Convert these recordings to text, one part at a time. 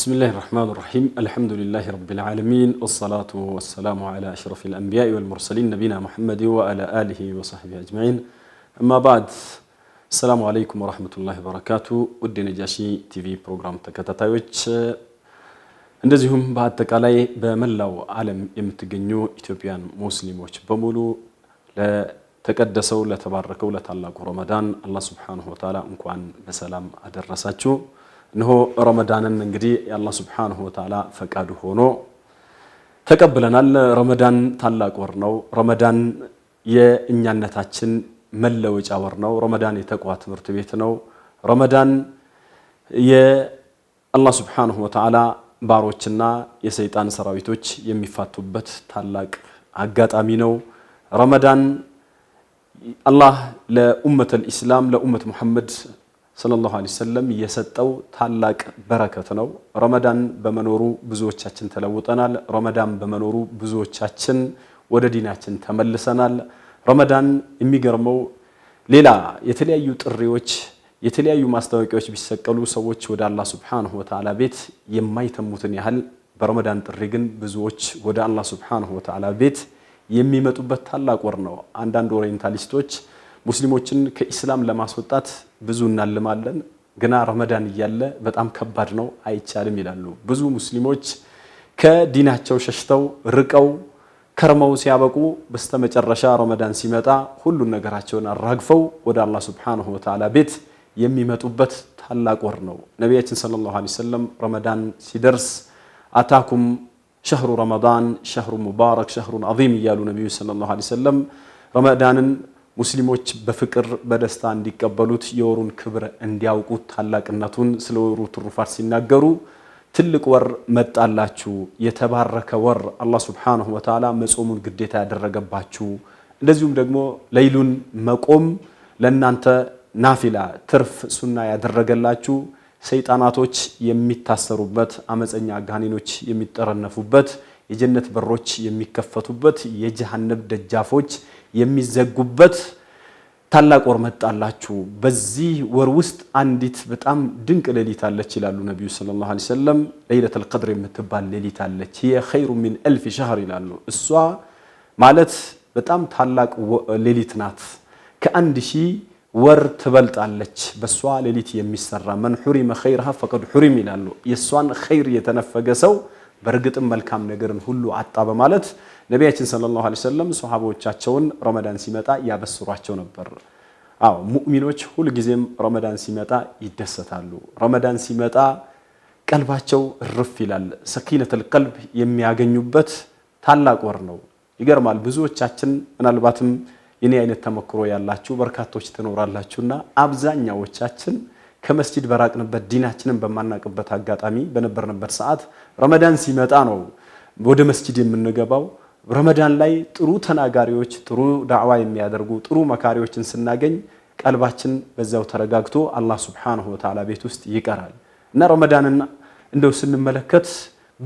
بسم الله الرحمن الرحيم الحمد لله رب العالمين والصلاة والسلام على أشرف الأنبياء والمرسلين نبينا محمد وعلى آله وصحبه أجمعين أما بعد السلام عليكم ورحمة الله وبركاته ودي نجاشي تي في بروجرام تكتاتايوتش እንደዚሁም በአጠቃላይ በመላው ዓለም የምትገኙ ኢትዮጵያን ሙስሊሞች በሙሉ ለተቀደሰው ለተባረከው ለታላቁ ረመዳን አላህ ሱብሓነሁ ወተዓላ እንኳን በሰላም አደረሳችሁ። እንሆ ረመዳንን እንግዲህ የአላህ ሱብሓነሁ ወተዓላ ፈቃዱ ሆኖ ተቀብለናል። ረመዳን ታላቅ ወር ነው። ረመዳን የእኛነታችን መለወጫ ወር ነው። ረመዳን የተቋ ትምህርት ቤት ነው። ረመዳን የአላህ ሱብሓነሁ ወተዓላ ባሮችና የሰይጣን ሰራዊቶች የሚፋቱበት ታላቅ አጋጣሚ ነው። ረመዳን አላህ ለኡመተል ኢስላም ለኡመት ሙሐመድ ሰለላሁ ዐለይሂ ወሰለም የሰጠው ታላቅ በረከት ነው። ረመዳን በመኖሩ ብዙዎቻችን ተለውጠናል። ረመዳን በመኖሩ ብዙዎቻችን ወደ ዲናችን ተመልሰናል። ረመዳን የሚገርመው ሌላ የተለያዩ ጥሪዎች፣ የተለያዩ ማስታወቂያዎች ቢሰቀሉ ሰዎች ወደ አላህ ሱብሓነሁ ወተዓላ ቤት የማይተሙትን ያህል በረመዳን ጥሪ ግን ብዙዎች ወደ አላህ ሱብሓነሁ ወተዓላ ቤት የሚመጡበት ታላቅ ወር ነው። አንዳንድ ኦሪየንታሊስቶች ሙስሊሞችን ከኢስላም ለማስወጣት ብዙ እናልማለን፣ ግና ረመዳን እያለ በጣም ከባድ ነው፣ አይቻልም ይላሉ። ብዙ ሙስሊሞች ከዲናቸው ሸሽተው ርቀው ከርመው ሲያበቁ በስተመጨረሻ ረመዳን ሲመጣ ሁሉን ነገራቸውን አራግፈው ወደ አላህ ሱብሓነሁ ወተዓላ ቤት የሚመጡበት ታላቅ ወር ነው። ነቢያችን ሰለላሁ ዐለይሂ ወሰለም ረመዳን ሲደርስ አታኩም ሸህሩ ረመዳን ሸህሩ ሙባረክ ሸህሩን ዐዚም እያሉ ነቢዩ ሰለላሁ ዐለይሂ ወሰለም ረመዳንን ሙስሊሞች በፍቅር በደስታ እንዲቀበሉት የወሩን ክብር እንዲያውቁት ታላቅነቱን ስለ ወሩ ትሩፋት ሲናገሩ ትልቅ ወር መጣላችሁ፣ የተባረከ ወር አላህ ሱብሓነሁ ወተዓላ መጾሙን ግዴታ ያደረገባችሁ፣ እንደዚሁም ደግሞ ለይሉን መቆም ለእናንተ ናፊላ ትርፍ ሱና ያደረገላችሁ፣ ሰይጣናቶች የሚታሰሩበት፣ አመፀኛ ጋኔኖች የሚጠረነፉበት የጀነት በሮች የሚከፈቱበት፣ የጀሃነም ደጃፎች የሚዘጉበት ታላቅ ወር መጣላችሁ። በዚህ ወር ውስጥ አንዲት በጣም ድንቅ ሌሊት አለች ይላሉ ነቢዩ ሰለላሁ ዐለይሂ ወሰለም። ለይለቱል ቀድር የምትባል ሌሊት አለች። ይሄ ኸይሩ ሚን አልፍ ሸህር ይላሉ። እሷ ማለት በጣም ታላቅ ሌሊት ናት። ከአንድ ሺህ ወር ትበልጣለች። በእሷ ሌሊት የሚሰራ መን ሑሪመ ኸይርሃ ፈቀድ ሑሪም ይላሉ። የእሷን ኸይር የተነፈገ ሰው በእርግጥም መልካም ነገርን ሁሉ አጣ በማለት ነቢያችን ሰለላሁ ዐለይሂ ወሰለም ሶሐቦቻቸውን ረመዳን ሲመጣ ያበስሯቸው ነበር። አዎ ሙእሚኖች ሁልጊዜም ረመዳን ሲመጣ ይደሰታሉ። ረመዳን ሲመጣ ቀልባቸው እርፍ ይላል። ሰኪነተል ቀልብ የሚያገኙበት ታላቅ ወር ነው። ይገርማል። ብዙዎቻችን ምናልባትም የኔ አይነት ተመክሮ ያላችሁ በርካቶች ትኖራላችሁና አብዛኛዎቻችን ከመስጂድ በራቅንበት ዲናችንን በማናቅበት አጋጣሚ በነበርንበት ሰዓት ረመዳን ሲመጣ ነው ወደ መስጂድ የምንገባው። ረመዳን ላይ ጥሩ ተናጋሪዎች፣ ጥሩ ዳዕዋ የሚያደርጉ ጥሩ መካሪዎችን ስናገኝ ቀልባችን በዛው ተረጋግቶ አላህ ሱብሓነሁ ወተዓላ ቤት ውስጥ ይቀራል እና ረመዳንን እንደው ስንመለከት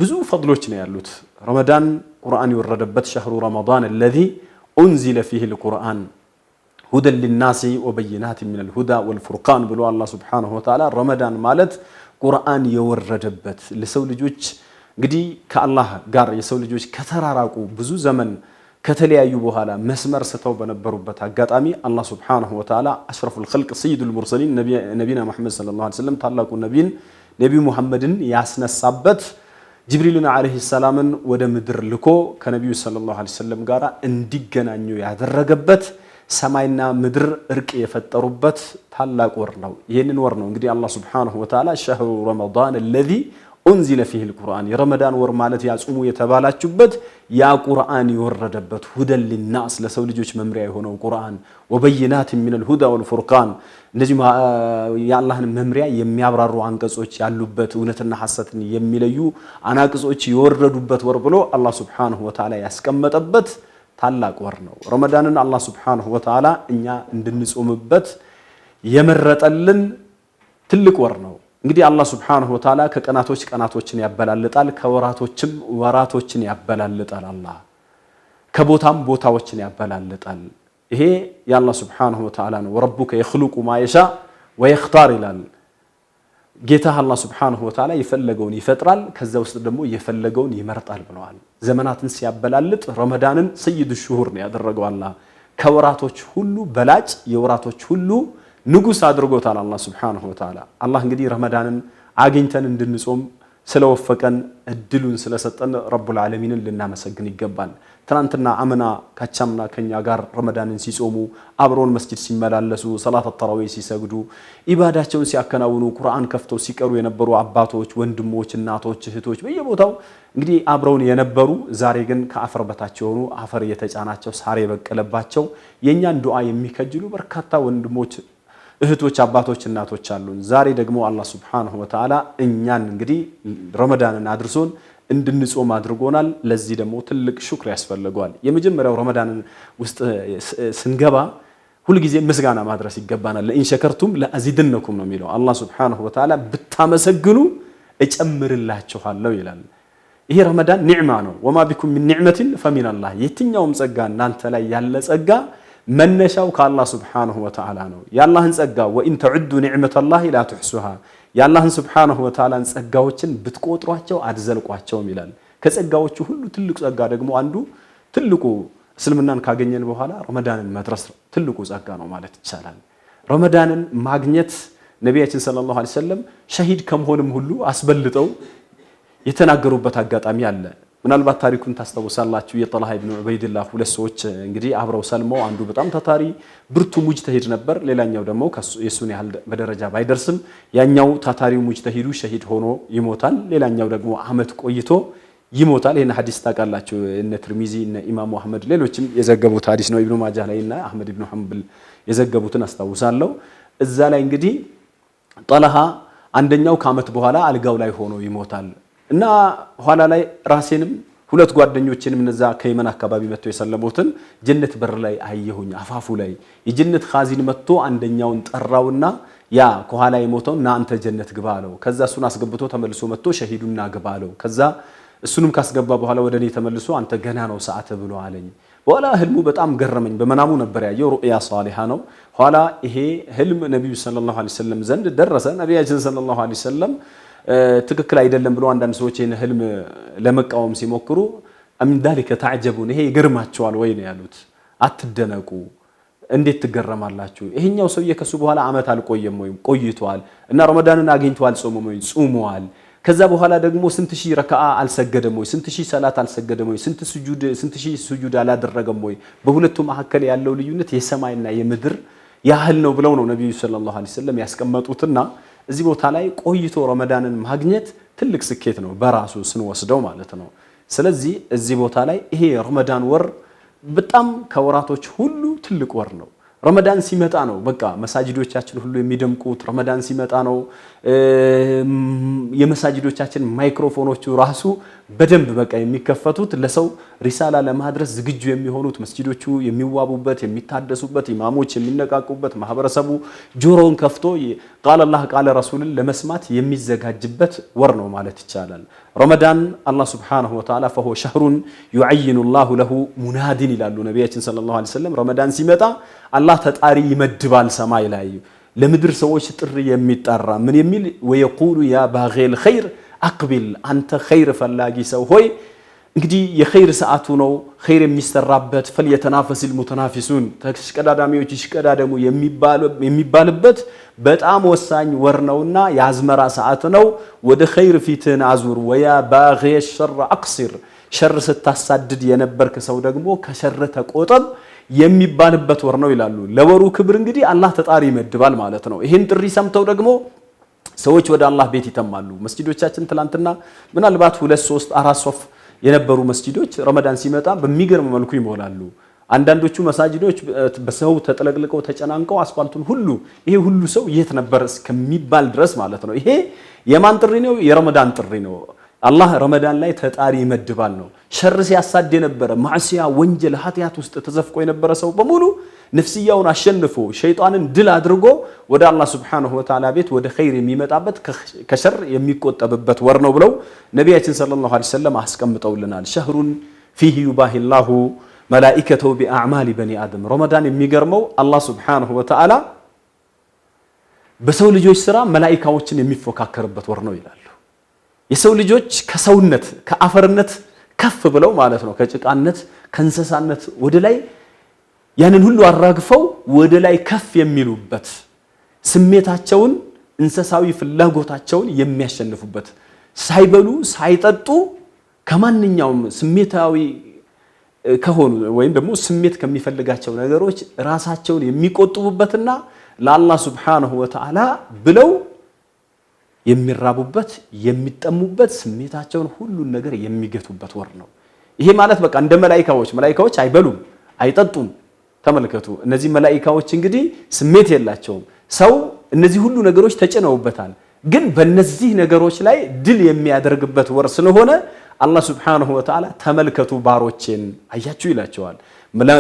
ብዙ ፈድሎች ነው ያሉት። ረመዳን ቁርአን የወረደበት ሸህሩ ረመዳን አለዚ ኡንዚለ ፊህ ቁርአን ሁደን ሊናሲ ወበይናት ሚነል ሁዳ ወልፉርቃን ብሎ አላህ ሱብሓነሁ ወተዓላ ረመዳን ማለት ቁርአን የወረደበት ለሰው ልጆች እንግዲህ ከአላህ ጋር የሰው ልጆች ከተራራቁ ብዙ ዘመን ከተለያዩ በኋላ መስመር ስተው በነበሩበት አጋጣሚ አላህ ሱብሓነሁ ወተዓላ አሽረፉል ኸልቅ ሰይዱል ሙርሰሊን ነቢና መሐመድ ሰለላሁ ዐለይሂ ወሰለም ታላቁ ነቢይን ነቢ ሙሐመድን ያስነሳበት ጅብሪልን ዓለይሂ ሰላምን ወደ ምድር ልኮ ከነቢዩ ሰለላሁ ዐለይሂ ወሰለም ጋር እንዲገናኙ ያደረገበት ሰማይና ምድር እርቅ የፈጠሩበት ታላቅ ወር ነው። ይህንን ወር ነው እንግዲህ አላህ ሱብሓነሁ ወተዓላ ሸህሩ ረመዳን አለዚ ኡንዚለ ፊሂል ቁርአን የረመዳን ወር ማለት ያጽሙ የተባላችሁበት ያ ቁርአን የወረደበት ሁደን ሊናስ ለሰው ልጆች መምሪያ የሆነው ቁርአን ወበይናት ሚነል ሁዳ ወልፉርቃን እነዚህ የአላህን መምሪያ የሚያብራሩ አንቀጾች ያሉበት እውነትና ሐሰትን የሚለዩ አናቅጾች የወረዱበት ወር ብሎ አላህ ሱብሓነሁ ወተዓላ ያስቀመጠበት ታላቅ ወር ነው። ረመዳንን አላህ ሱብሓነሁ ወተዓላ እኛ እንድንጾምበት የመረጠልን ትልቅ ወር ነው። እንግዲህ አላህ ሱብሓነሁ ወተዓላ ከቀናቶች ቀናቶችን ያበላልጣል፣ ከወራቶችም ወራቶችን ያበላልጣል። አላህ ከቦታም ቦታዎችን ያበላልጣል። ይሄ የአላህ ሱብሓነሁ ወተዓላ ነው። ወረቡከ የኽሉቁ ማየሻ ወየኽታር ይላል ጌታ አላህ ሱብሓነሁ ወተዓላ የፈለገውን ይፈጥራል፣ ከዛ ውስጥ ደግሞ የፈለገውን ይመርጣል ብለዋል። ዘመናትን ሲያበላልጥ ረመዳንን ሰይድ ሹሁር ነው ያደረገው አላህ። ከወራቶች ሁሉ በላጭ የወራቶች ሁሉ ንጉስ አድርጎታል አላህ ሱብሓነሁ ወተዓላ። አላህ እንግዲህ ረመዳንን አግኝተን እንድንጾም ስለወፈቀን እድሉን ስለሰጠን ረቡል ዓለሚንን ልናመሰግን ይገባል። ትናንትና አምና ካቻምና ከኛ ጋር ረመዳንን ሲጾሙ አብረውን መስጅድ ሲመላለሱ ሰላት ተራዊህ ሲሰግዱ ኢባዳቸውን ሲያከናውኑ ቁርአን ከፍተው ሲቀሩ የነበሩ አባቶች፣ ወንድሞች፣ እናቶች፣ እህቶች በየቦታው እንግዲህ አብረውን የነበሩ ዛሬ ግን ከአፈር በታች የሆኑ አፈር የተጫናቸው ሳር የበቀለባቸው የእኛን ዱዓ የሚከጅሉ በርካታ ወንድሞች እህቶች፣ አባቶች፣ እናቶች አሉን። ዛሬ ደግሞ አላህ ሱብሓነሁ ወተዓላ እኛን እንግዲህ ረመዳንን አድርሶን እንድንጾም አድርጎናል። ለዚህ ደግሞ ትልቅ ሹክር ያስፈልገዋል። የመጀመሪያው ረመዳንን ውስጥ ስንገባ ሁልጊዜ ምስጋና ማድረስ ይገባናል። ለኢንሸከርቱም ለአዚድነኩም ነው የሚለው አላህ ሱብሓነሁ ወተዓላ ብታመሰግኑ እጨምርላችኋለሁ ይላል። ይሄ ረመዳን ኒዕማ ነው። ወማ ቢኩም ሚን ኒዕመትን ፈሚነላህ የትኛውም ጸጋ እናንተ ላይ ያለ ጸጋ መነሻው ከአላህ ስብሓነሁ ወተዓላ ነው። የአላህን ጸጋ ወኢን ተዑዱ ኒዕመተላሂ ላ ትሕሱሃ፣ የአላህን ስብሓነሁ ወተዓላን ጸጋዎችን ብትቆጥሯቸው አትዘልቋቸውም ይላል። ከጸጋዎቹ ሁሉ ትልቁ ጸጋ ደግሞ አንዱ ትልቁ እስልምናን ካገኘን በኋላ ረመዳንን መድረስ ትልቁ ጸጋ ነው ማለት ይቻላል። ረመዳንን ማግኘት ነቢያችን ሰለላሁ ዐለይሂ ወሰለም ሸሂድ ከመሆንም ሁሉ አስበልጠው የተናገሩበት አጋጣሚ አለ። ምናልባት ታሪኩን ታስታውሳላችሁ። የጠልሃ ብን ዑበይድላህ ሁለት ሰዎች እንግዲህ አብረው ሰልመው አንዱ በጣም ታታሪ ብርቱ ሙጅተሂድ ነበር፣ ሌላኛው ደግሞ የሱን ያህል በደረጃ ባይደርስም፣ ያኛው ታታሪው ሙጅተሂዱ ሸሂድ ሆኖ ይሞታል። ሌላኛው ደግሞ አመት ቆይቶ ይሞታል። ይህን ሀዲስ ታውቃላችሁ። እነ ትርሚዚ እነ ኢማሙ አህመድ ሌሎችም የዘገቡት ሀዲስ ነው። ኢብኑ ማጃ ላይ እና አህመድ ብኑ ሐንብል የዘገቡትን አስታውሳለሁ። እዛ ላይ እንግዲህ ጠልሃ አንደኛው ከአመት በኋላ አልጋው ላይ ሆኖ ይሞታል። እና ኋላ ላይ ራሴንም ሁለት ጓደኞችንም እነዛ ከየመን አካባቢ መጥተው የሰለሙትን ጀነት በር ላይ አየሁኝ። አፋፉ ላይ የጀነት ካዚን መጥቶ አንደኛውን ጠራውና ያ ከኋላ የሞተው ና ጀነት ግባ አለው። ከዛ እሱን አስገብቶ ተመልሶ መጥቶ ሸሂዱና ግባ አለው። ከዛ እሱንም ካስገባ በኋላ ወደ እኔ ተመልሶ አንተ ገና ነው ሰዓት ብሎ አለኝ። በኋላ ህልሙ በጣም ገረመኝ። በመናሙ ነበር ያየው፣ ሩእያ ሳሊሃ ነው። ኋላ ይሄ ህልም ነቢዩ ሰለላሁ ዐለይሂ ወሰለም ዘንድ ደረሰ። ነቢያችን ሰለላሁ ዐለይሂ ወሰለም ትክክል አይደለም ብሎ አንዳንድ ሰዎች ይህን ህልም ለመቃወም ሲሞክሩ አምዳሊከ ታዕጀቡን ይሄ ይገርማቸዋል ወይ ነው ያሉት። አትደነቁ፣ እንዴት ትገረማላችሁ? ይሄኛው ሰውዬ ከሱ በኋላ አመት አልቆየም ወይም ቆይቷል እና ረመዳንን አግኝቷል ጾሙም ወይ ጾሟል። ከዛ በኋላ ደግሞ ስንት ሺህ ረከዓ አልሰገደም ወይ? ስንት ሺህ ሰላት አልሰገደም ወይ? ስንት ስንት ሺህ ስጁድ አላደረገም ወይ? በሁለቱ መካከል ያለው ልዩነት የሰማይና የምድር ያህል ነው ብለው ነው ነቢዩ ሰለላሁ ዐለይሂ ወሰለም ያስቀመጡትና እዚህ ቦታ ላይ ቆይቶ ረመዳንን ማግኘት ትልቅ ስኬት ነው በራሱ ስንወስደው ማለት ነው። ስለዚህ እዚህ ቦታ ላይ ይሄ ረመዳን ወር በጣም ከወራቶች ሁሉ ትልቅ ወር ነው። ረመዳን ሲመጣ ነው በቃ መሳጅዶቻችን ሁሉ የሚደምቁት። ረመዳን ሲመጣ ነው የመሳጅዶቻችን ማይክሮፎኖቹ ራሱ በደንብ በቃ የሚከፈቱት ለሰው ሪሳላ ለማድረስ ዝግጁ የሚሆኑት መስጅዶቹ የሚዋቡበት፣ የሚታደሱበት፣ ኢማሞች የሚነቃቁበት፣ ማህበረሰቡ ጆሮውን ከፍቶ ቃለ አላህ ቃለ ረሱልን ለመስማት የሚዘጋጅበት ወር ነው ማለት ይቻላል። ረመዳን አላህ ሱብሓነሁ ወተዓላ ፈሆ ሸህሩን ዩዐይኑ ላሁ ለሁ ሙናዲን ይላሉ ነቢያችን ሰለላሁ ዐለይሂ ወሰለም። ረመዳን ሲመጣ አላህ ተጣሪ ይመድባል ሰማይ ላይ ለምድር ሰዎች ጥሪ የሚጠራ ምን የሚል ወየቁሉ ያ ባጌል ኸይር አቅቢል አንተ ኸይር ፈላጊ ሰው ሆይ እንግዲህ የኸይር ሰዓቱ ነው። ኸይር የሚሰራበት ፈልየተናፈሲል ሙተናፊሱን ተሽቀዳዳሚዎች ይሽቀዳደሙ የሚባልበት በጣም ወሳኝ ወር ነውና የአዝመራ ሰዓት ነው። ወደ ኸይር ፊትን አዙር። ወያ ባግየ ሸር አቅሲር፣ ሸር ስታሳድድ የነበርክ ሰው ደግሞ ከሸር ተቆጠብ የሚባልበት ወር ነው ይላሉ። ለወሩ ክብር እንግዲህ አላህ ተጣሪ ይመድባል ማለት ነው። ይህን ጥሪ ሰምተው ደግሞ ሰዎች ወደ አላህ ቤት ይተማሉ። መስጂዶቻችን ትላንትና ምናልባት ሁለት ሶስት አራት ሶፍ የነበሩ መስጂዶች ረመዳን ሲመጣ በሚገርም መልኩ ይሞላሉ። አንዳንዶቹ መሳጅዶች በሰው ተጠለቅልቀው ተጨናንቀው አስፋልቱን ሁሉ ይሄ ሁሉ ሰው የት ነበር እስከሚባል ድረስ ማለት ነው። ይሄ የማን ጥሪ ነው? የረመዳን ጥሪ ነው። አላህ ረመዳን ላይ ተጣሪ ይመድባል ነው። ሸር ሲያሳድ የነበረ ማዕሲያ፣ ወንጀል፣ ኃጢአት ውስጥ ተዘፍቆ የነበረ ሰው በሙሉ ነፍስያውን አሸንፎ ሸይጣንን ድል አድርጎ ወደ አላህ ሱብሓነሁ ወተዓላ ቤት ወደ ኸይር የሚመጣበት ከሸር የሚቆጠብበት ወር ነው ብለው ነቢያችን ሰለላሁ ዐለይሂ ወሰለም አስቀምጠውልናል። ሸህሩን ፊህ ዩባሂ ላሁ መላኢከተው ቢአዕማሊ በኒ አደም። ረመዳን የሚገርመው አላህ ሱብሓነሁ ወተዓላ በሰው ልጆች ስራ መላኢካዎችን የሚፎካከርበት ወር ነው ይላሉ። የሰው ልጆች ከሰውነት ከአፈርነት ከፍ ብለው ማለት ነው ከጭቃነት ከእንስሳነት ወደ ላይ ያንን ሁሉ አራግፈው ወደ ላይ ከፍ የሚሉበት ስሜታቸውን፣ እንስሳዊ ፍላጎታቸውን የሚያሸንፉበት ሳይበሉ ሳይጠጡ ከማንኛውም ስሜታዊ ከሆኑ ወይም ደግሞ ስሜት ከሚፈልጋቸው ነገሮች ራሳቸውን የሚቆጥቡበትና ለአላህ ሱብሓነሁ ወተዓላ ብለው የሚራቡበት የሚጠሙበት ስሜታቸውን ሁሉን ነገር የሚገቱበት ወር ነው። ይሄ ማለት በቃ እንደ መላይካዎች መላይካዎች አይበሉም አይጠጡም ተመልከቱ። እነዚህ መላኢካዎች እንግዲህ ስሜት የላቸውም። ሰው እነዚህ ሁሉ ነገሮች ተጭነውበታል። ግን በእነዚህ ነገሮች ላይ ድል የሚያደርግበት ወር ስለሆነ አላህ ሱብሓነሁ ወተዓላ ተመልከቱ ባሮቼን አያችሁ ይላቸዋል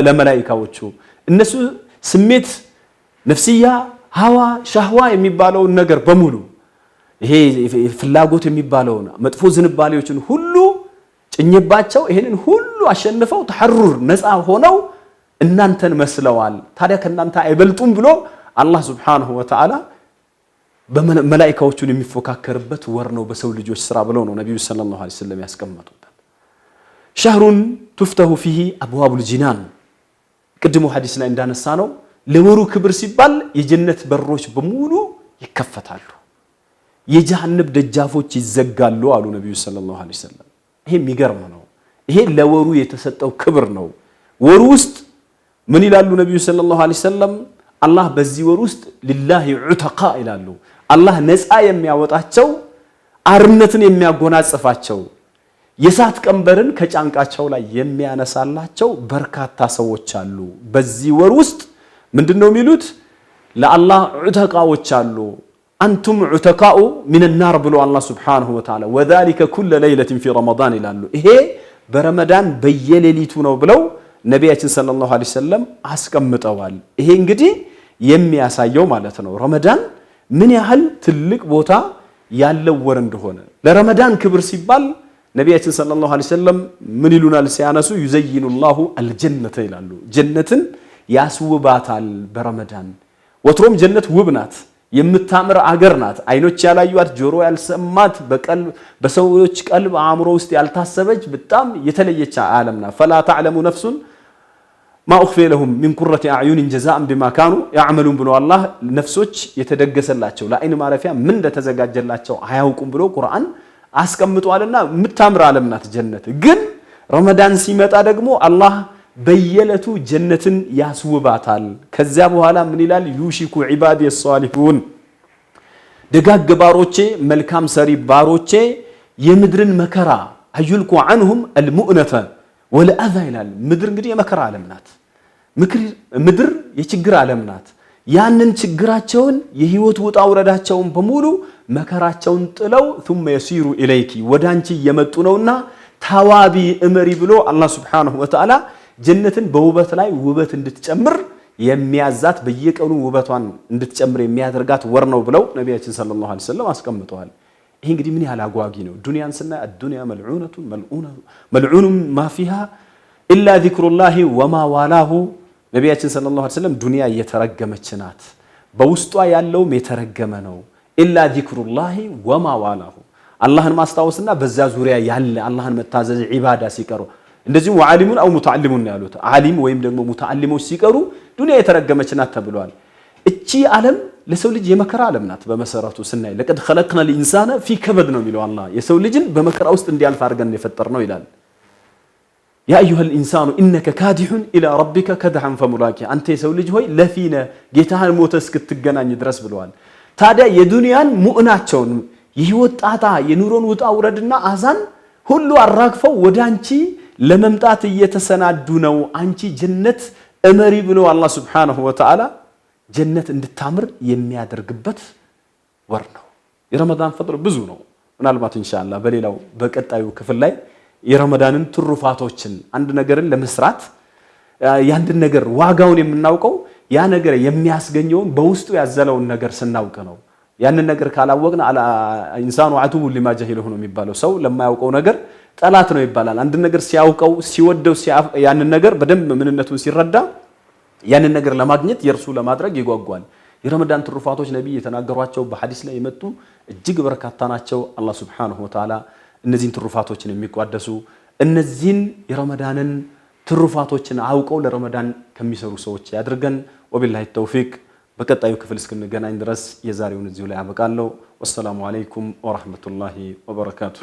ለመላኢካዎቹ። እነሱ ስሜት፣ ነፍስያ፣ ሀዋ፣ ሻህዋ የሚባለውን ነገር በሙሉ ይሄ ፍላጎት የሚባለውን መጥፎ ዝንባሌዎችን ሁሉ ጭኝባቸው ይህንን ሁሉ አሸንፈው ተሐሩር ነፃ ሆነው እናንተን መስለዋል፣ ታዲያ ከእናንተ አይበልጡም ብሎ አላህ ሱብሓነሁ ወተዓላ በመላኢካዎቹን የሚፎካከርበት ወር ነው በሰው ልጆች ስራ ብለው ነው ነቢዩ ሰለላሁ ዐለይሂ ወሰለም ያስቀመጡበት። ሸህሩን ቱፍተሁ ፊሂ አብዋቡል ጂናን ቅድሞ ሐዲስ ላይ እንዳነሳ ነው ለወሩ ክብር ሲባል የጀነት በሮች በሙሉ ይከፈታሉ፣ የጀሃነም ደጃፎች ይዘጋሉ አሉ ነቢዩ ሰለላሁ ዐለይሂ ወሰለም። ይሄ የሚገርም ነው። ይሄ ለወሩ የተሰጠው ክብር ነው። ወሩ ውስጥ ምን ይላሉ ነቢዩ ሰለላሁ ዐለይሂ ወሰለም? አላህ በዚህ ወር ውስጥ ሊላሂ ዑተቃ ይላሉ። አላህ ነፃ የሚያወጣቸው አርነትን የሚያጎናጽፋቸው የእሳት ቀንበርን ከጫንቃቸው ላይ የሚያነሳላቸው በርካታ ሰዎች አሉ። በዚህ ወር ውስጥ ምንድን ነው የሚሉት? ለአላህ ዑተቃዎች አሉ። አንቱም ዑተቃኡ ሚንናር ብሎ አላህ ሱብሓነሁ ወተዓላ ወዛሊከ ኩለ ለይለትን ፊ ረመዳን ይላሉ። ይሄ በረመዳን በየሌሊቱ ነው ብለው ነቢያችን ሰለላሁ ዐለይሂ ወሰለም አስቀምጠዋል። ይሄ እንግዲህ የሚያሳየው ማለት ነው ረመዳን ምን ያህል ትልቅ ቦታ ያለው ወር እንደሆነ። ለረመዳን ክብር ሲባል ነቢያችን ሰለላሁ ዐለይሂ ወሰለም ምን ይሉናል ሲያነሱ ዩዘይኑላሁ አልጀነተ ይላሉ። ጀነትን ያስውባታል በረመዳን። ወትሮም ጀነት ውብ ናት፣ የምታምር አገር ናት። አይኖች ያላዩት፣ ጆሮ ያልሰማት፣ በሰዎች ቀልብ አእምሮ ውስጥ ያልታሰበች በጣም የተለየች ዓለም ናት። ፈላ ተዕለሙ ነፍሱን ማኡኽፊየ ለሁም ሚን ቁረቲ አዕዩኒን ጀዛእን ቢማ ካኑ ያዕመሉን ብሎ አላህ ነፍሶች የተደገሰላቸው ለአይን ማረፊያ ምን እንደተዘጋጀላቸው አያውቁም ብሎ ቁርአን አስቀምጧልና የምታምር ዓለም ናት ጀነት። ግን ረመዳን ሲመጣ ደግሞ አላህ በየዕለቱ ጀነትን ያስውባታል። ከዚያ በኋላ ምን ይላል? ዩሺኩ ዒባዲ ሷሊሁን ደጋግ ባሮቼ፣ መልካም ሰሪ ባሮቼ የምድርን መከራ አዩልኩ ዐንሁም አልሙእነተ ወለአዛ ይላል። ምድር እንግዲህ የመከራ ዓለም ናት። ምድር የችግር ዓለም ናት። ያንን ችግራቸውን የህይወት ውጣ ውረዳቸውን በሙሉ መከራቸውን ጥለው ثم يسير اليك ወዳንቺ እየመጡ ነውና ታዋቢ እመሪ ብሎ አላህ Subhanahu Wa Ta'ala ጀነትን በውበት ላይ ውበት እንድትጨምር የሚያዛት በየቀኑ ውበቷን እንድትጨምር የሚያደርጋት ወር ነው ብለው ነቢያችን ሰለላሁ ዐለይሂ ወሰለም አስቀምጠዋል። ይህ እንግዲህ ምን ያህል አጓጊ ነው። ዱንያን ስና አዱንያ መልዑነቱ መልዑኑ ማፊሃ ኢላ ዚክሩላሂ ወማ ዋላሁ። ነቢያችን ሰለላሁ ዐለይሂ ወሰለም ዱንያ እየተረገመች ናት፣ በውስጧ ያለውም የተረገመ ነው። ኢላ ዚክሩላሂ ወማ ዋላሁ፣ አላህን ማስታወስና በዛ ዙሪያ ያለ አላህን መታዘዝ ዒባዳ ሲቀሩ፣ እንደዚሁም ወዓሊሙን አው ሙተዓሊሙን ያሉት ዓሊም ወይም ደግሞ ሙተዓሊሞች ሲቀሩ ዱንያ የተረገመች ናት ተብለዋል። እቺ ዓለም ለሰው ልጅ የመከራ ዓለም ናት። በመሰረቱ ስናይ ለቀድ ኸለቅነ ልኢንሳነ ፊ ከበድ ነው የሚለው አላህ የሰው ልጅን በመከራ ውስጥ እንዲያልፍ አድርገን የፈጠር ነው ይላል። ያ አዩሃል ኢንሳኑ ኢነከ ካዲሑን ኢላ ረቢከ ከድሐን ፈሙላቂ አንተ የሰው ልጅ ሆይ ለፊነ ጌታህን ሞተ እስክትገናኝ ድረስ ብለዋል። ታዲያ የዱንያን ሙዕናቸውን የህይወት ጣጣ የኑሮን ውጣ ውረድና አዛን ሁሉ አራግፈው ወደ አንቺ ለመምጣት እየተሰናዱ ነው። አንቺ ጀነት እመሪ ብሎ አላህ ሱብሓነሁ ወተዓላ ጀነት እንድታምር የሚያደርግበት ወር ነው። የረመዳን ፈጥር ብዙ ነው። ምናልባት እንሻላ በሌላው በቀጣዩ ክፍል ላይ የረመዳንን ትሩፋቶችን አንድ ነገርን ለመስራት የአንድን ነገር ዋጋውን የምናውቀው ያ ነገር የሚያስገኘውን በውስጡ ያዘለውን ነገር ስናውቅ ነው። ያንን ነገር ካላወቅን ኢንሳኑ አቱቡ ሊማ ጀሂለሁ የሚባለው። ሰው ለማያውቀው ነገር ጠላት ነው ይባላል። አንድን ነገር ሲያውቀው ሲወደው ያንን ነገር በደንብ ምንነቱን ሲረዳ ያንን ነገር ለማግኘት የእርሱ ለማድረግ ይጓጓል። የረመዳን ትሩፋቶች ነቢይ የተናገሯቸው በሐዲስ ላይ የመጡ እጅግ በርካታ ናቸው። አላህ ሱብሓነሁ ወተዓላ እነዚህን ትሩፋቶችን የሚቋደሱ እነዚህን የረመዳንን ትሩፋቶችን አውቀው ለረመዳን ከሚሰሩ ሰዎች ያድርገን። ወቢላሂ ተውፊቅ። በቀጣዩ ክፍል እስክንገናኝ ድረስ የዛሬውን እዚሁ ላይ አበቃለሁ። ወሰላሙ አለይኩም ወረሕመቱላሂ ወበረካቱ።